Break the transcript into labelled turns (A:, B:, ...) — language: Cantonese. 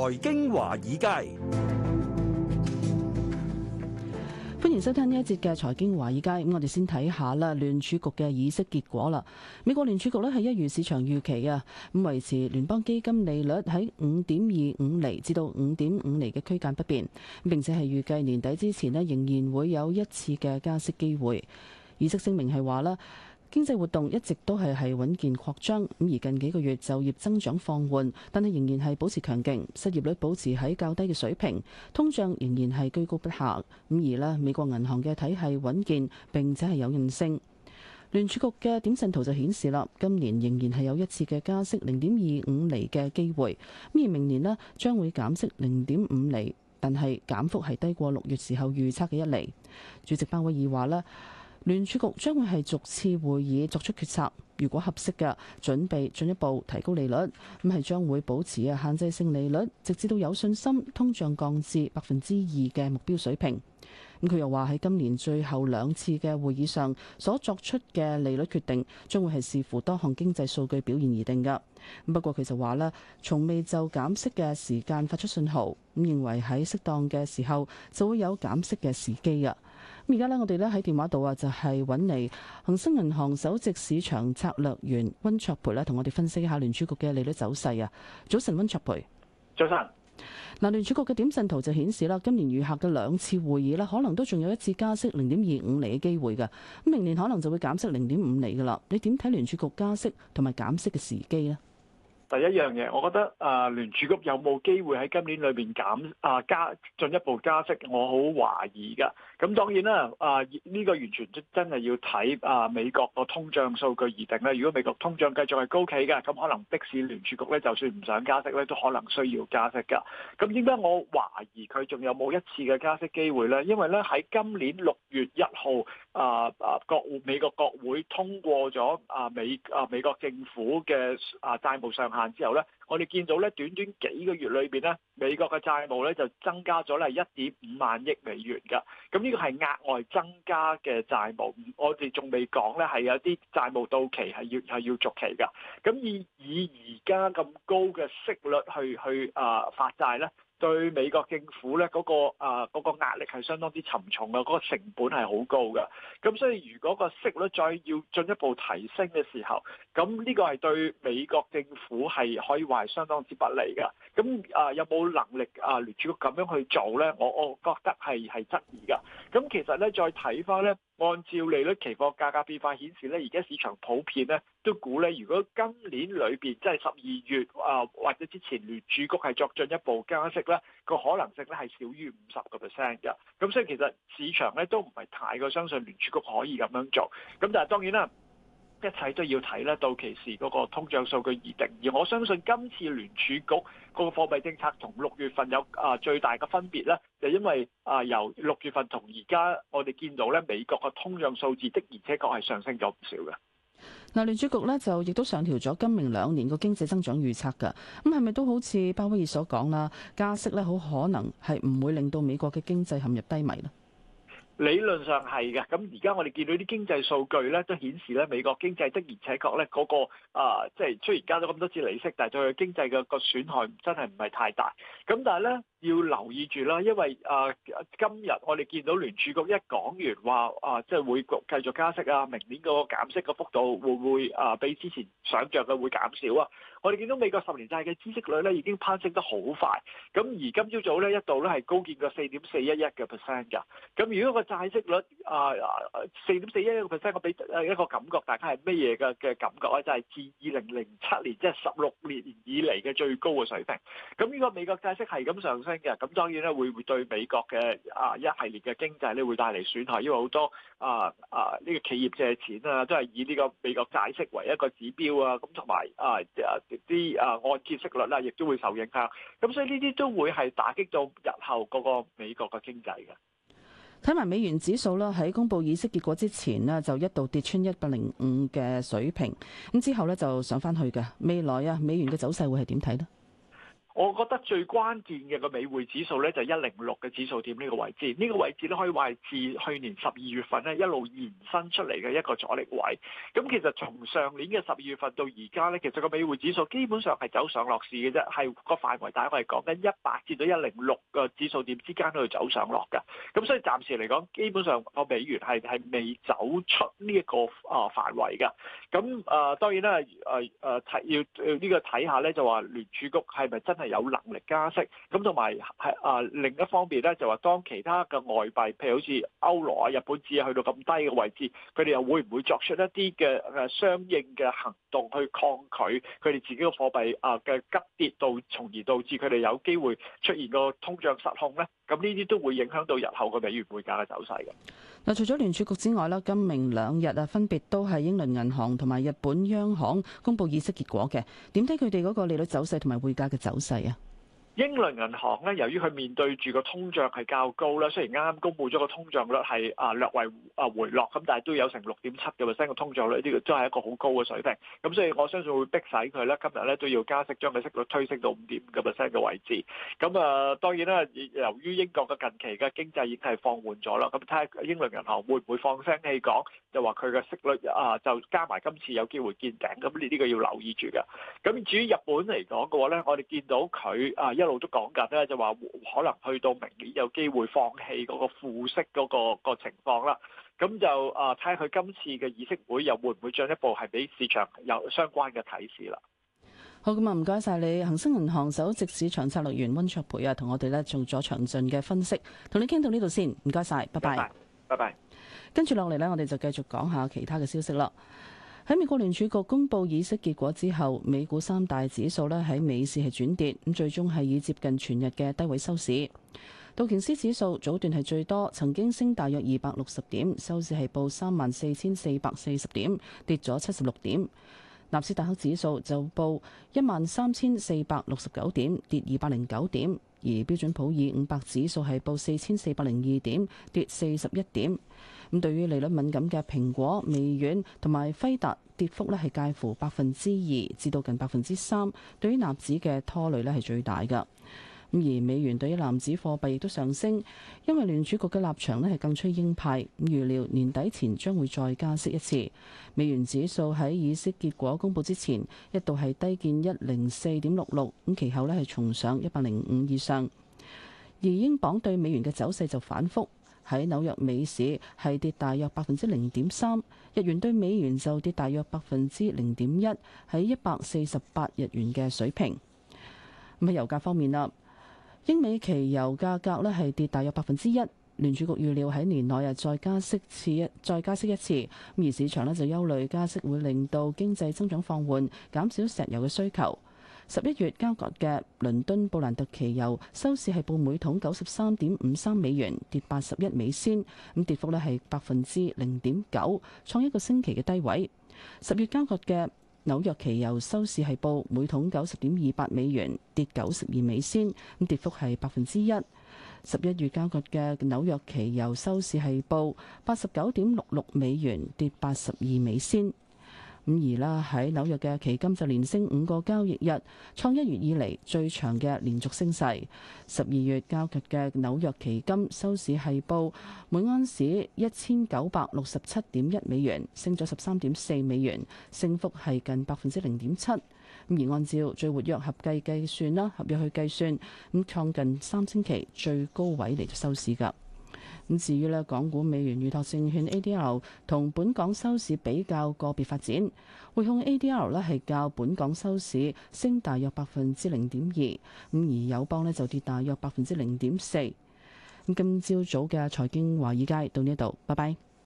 A: 財經華爾街，
B: 歡迎收聽呢一節嘅財經華爾街。咁我哋先睇下啦，聯儲局嘅議息結果啦。美國聯儲局咧係一如市場預期嘅咁維持聯邦基金利率喺五點二五厘至到五點五厘嘅區間不變，並且係預計年底之前咧仍然會有一次嘅加息機會。議息聲明係話經濟活動一直都係係穩健擴張，咁而近幾個月就業增長放緩，但係仍然係保持強勁，失業率保持喺較低嘅水平，通脹仍然係居高不下，咁而咧美國銀行嘅體系穩健並且係有韌性。聯儲局嘅點陣圖就顯示啦，今年仍然係有一次嘅加息零點二五厘嘅機會，咁而明年咧將會減息零點五厘，但係減幅係低過六月時候預測嘅一厘。主席鮑威爾話咧。聯儲局將會係逐次會議作出決策，如果合適嘅，準備進一步提高利率，咁係將會保持嘅限制性利率，直至到有信心通脹降至百分之二嘅目標水平。咁佢又話喺今年最後兩次嘅會議上所作出嘅利率決定，將會係視乎多項經濟數據表現而定㗎。不過佢就話咧，從未就減息嘅時間發出信號，咁認為喺適當嘅時候就會有減息嘅時機。咁而家咧，我哋咧喺電話度啊，就係揾嚟恒生銀行首席市場策略員溫卓培咧，同我哋分析一下聯儲局嘅利率走勢啊。早晨，溫卓培，早晨。嗱，聯儲局嘅點陣圖就顯示啦，今年餘下嘅兩次會議咧，可能都仲有一次加息零點二五厘嘅機會嘅。咁明年可能就會減息零點五厘噶啦。你點睇聯儲局加息同埋減息嘅時機咧？
A: 第一樣嘢，我覺得啊聯儲局有冇機會喺今年裏面減啊加進一步加息，我好懷疑㗎。咁當然啦，啊、這、呢個完全真係要睇啊美國個通脹數據而定啦。如果美國通脹繼續係高企嘅，咁可能迫使聯儲局咧就算唔想加息咧，都可能需要加息㗎。咁點解我懷疑佢仲有冇一次嘅加息機會咧？因為咧喺今年六月一號啊啊美國國會通過咗啊美啊美國政府嘅啊債務上限。之後咧。我哋見到咧，短短幾個月裏邊咧，美國嘅債務咧就增加咗係一點五萬億美元㗎。咁呢個係額外增加嘅債務，我哋仲未講咧，係有啲債務到期係要係要續期㗎。咁以以而家咁高嘅息率去去啊發債咧，對美國政府咧嗰個啊嗰個壓力係相當之沉重啊，嗰個成本係好高㗎。咁所以如果個息率再要進一步提升嘅時候，咁呢個係對美國政府係可以話，係相當之不利嘅，咁啊有冇能力啊聯儲局咁樣去做呢？我我覺得係係質疑噶。咁其實呢，再睇返呢，按照利率期貨價格變化顯示呢，而家市場普遍呢都估呢，如果今年裏邊即係十二月啊或者之前聯儲局係作進一步加息呢，個可能性呢係少於五十個 percent 嘅。咁所以其實市場呢都唔係太過相信聯儲局可以咁樣做。咁但係當然啦。一切都要睇咧，到期時嗰個通脹數據而定。而我相信今次聯儲局個貨幣政策同六月份有啊最大嘅分別咧，就因為啊由六月份同而家我哋見到咧，美國嘅通脹數字的而且確係上升咗唔少嘅。
B: 嗱，聯儲局呢就亦都上調咗今明兩年個經濟增長預測嘅。咁係咪都好似鮑威爾所講啦？加息呢好可能係唔會令到美國嘅經濟陷入低迷呢。
A: 理論上係嘅，咁而家我哋見到啲經濟數據咧，都顯示咧美國經濟的而且確咧、那、嗰個啊，即係雖然加咗咁多次利息，但係對佢經濟嘅個損害真係唔係太大，咁但係咧。要留意住啦，因為啊、呃，今日我哋見到聯儲局一講完話啊，即係、呃就是、會繼續加息啊，明年嗰個減息嗰幅度會唔會啊、呃，比之前想象嘅會減少啊？我哋見到美國十年債嘅孳息率咧已經攀升得好快，咁而今朝早呢，一度咧係高見過四點四一一嘅 percent 㗎。咁如果個債息率啊四點四一一嘅 percent，我俾一個感覺大家係乜嘢嘅嘅感覺咧？就係、是、自二零零七年即係十六年以嚟嘅最高嘅水平。咁呢個美國債息係咁上升。咁，當然咧會對美國嘅啊一系列嘅經濟咧會帶嚟損害，因為好多啊啊呢個企業借錢啊，都係以呢個美國債息為一個指標啊，咁同埋啊啲啊按揭息率咧，亦都會受影響。咁所以呢啲都會係打擊到日後嗰個美國嘅經濟
B: 嘅。睇埋美元指數啦，喺公佈議息結果之前呢，就一度跌穿一百零五嘅水平，咁之後咧就上翻去嘅。未來啊，美元嘅走勢會係點睇呢？
A: 我覺得最關鍵嘅個美匯指數咧就係一零六嘅指數點呢個位置，呢個位置咧可以話係自去年十二月份咧一路延伸出嚟嘅一個阻力位。咁其實從上年嘅十二月份到而家咧，其實個美匯指數基本上係走上落市嘅啫，係個範圍大概係講緊一百至到一零六個指數點之間都走上落嘅。咁所以暫時嚟講，基本上個美元係係未走出呢一個啊範圍嘅。咁啊當然啦，啊啊睇要呢個睇下咧，就話聯儲局係咪真係有能力加息？咁同埋係啊另一方面咧，就話當其他嘅外幣，譬如好似歐羅啊、日本紙啊，去到咁低嘅位置，佢哋又會唔會作出一啲嘅，誒相應嘅行動去抗拒佢哋自己嘅貨幣啊嘅急跌，到從而導致佢哋有機會出現個通脹失控咧？咁呢啲都會影響到日後個美元匯價嘅走勢嘅。
B: 嗱，除咗聯儲局之外咧，今明兩日啊，分別都係英倫銀行同埋日本央行公布議息結果嘅。點睇佢哋嗰個利率走勢同埋匯價嘅走勢啊？
A: 英倫銀行咧，由於佢面對住個通脹係較高啦，雖然啱啱公布咗個通脹率係啊略為啊回落咁，但係都有成六點七嘅 percent 嘅通脹率，呢個都係一個好高嘅水平。咁所以我相信會逼使佢咧，今日咧都要加息，將個息率推升到五點五嘅 percent 嘅位置。咁啊當然啦，由於英國嘅近期嘅經濟已經係放緩咗啦，咁睇下英倫銀行會唔會放聲氣講，就話佢嘅息率啊就加埋今次有機會見頂。咁呢呢個要留意住㗎。咁至於日本嚟講嘅話咧，我哋見到佢啊一都講緊咧，就話可能去到明年有機會放棄嗰個負息嗰、嗰個、嗰個情況啦。咁就啊，睇下佢今次嘅議息會又會唔會進一步係俾市場有相關嘅啟示啦。
B: 好咁啊，唔該晒，你恒生銀行首席市場策略員溫卓培啊，同我哋咧做咗詳盡嘅分析，同你傾到呢度先，唔該晒，拜拜，拜拜。跟住落嚟呢，我哋就繼續講下其他嘅消息啦。喺美國聯儲局公佈議息結果之後，美股三大指數呢喺美市係轉跌，咁最終係以接近全日嘅低位收市。道瓊斯指數早段係最多，曾經升大約二百六十點，收市係報三萬四千四百四十點，跌咗七十六點。納斯達克指數就報一萬三千四百六十九點，跌二百零九點。而標準普爾五百指數係報四千四百零二點，跌四十一點。咁對於利率敏感嘅蘋果、微軟同埋輝達跌幅咧係介乎百分之二至到近百分之三，對於納指嘅拖累咧係最大嘅。咁而美元對於籃子貨幣亦都上升，因為聯儲局嘅立場咧係更趨鷹派，咁預料年底前將會再加息一次。美元指數喺議息結果公佈之前一度係低見一零四點六六，咁其後呢係重上一百零五以上。而英鎊對美元嘅走勢就反覆。喺紐約美市係跌大約百分之零點三，日元對美元就跌大約百分之零點一，喺一百四十八日元嘅水平。咁喺油價方面啦，英美期油價格呢係跌大約百分之一。聯儲局預料喺年內啊再加息次一再加息一次，咁而市場呢就憂慮加息會令到經濟增長放緩，減少石油嘅需求。十一月交割嘅倫敦布蘭特期油收市係報每桶九十三點五三美元，跌八十一美仙，咁跌幅呢係百分之零點九，創一個星期嘅低位。十月交割嘅紐約期油收市係報每桶九十點二八美元，跌九十二美仙，咁跌幅係百分之一。十一月交割嘅紐約期油收市係報八十九點六六美元，跌八十二美仙。咁而啦，喺紐約嘅期金就連升五個交易日，創一月以嚟最長嘅連續升勢。十二月交期嘅紐約期金收市係報每安士一千九百六十七點一美元，升咗十三點四美元，升幅係近百分之零點七。咁而按照最活躍合計計算啦，合約去計算，咁創近三星期最高位嚟收市㗎。咁至於咧，港股美元預託證券 ADL 同本港收市比較，個別發展，匯控 ADL 咧係較本港收市升大約百分之零點二，咁而友邦就跌大約百分之零點四。咁今朝早嘅財經華爾街到呢度，拜拜。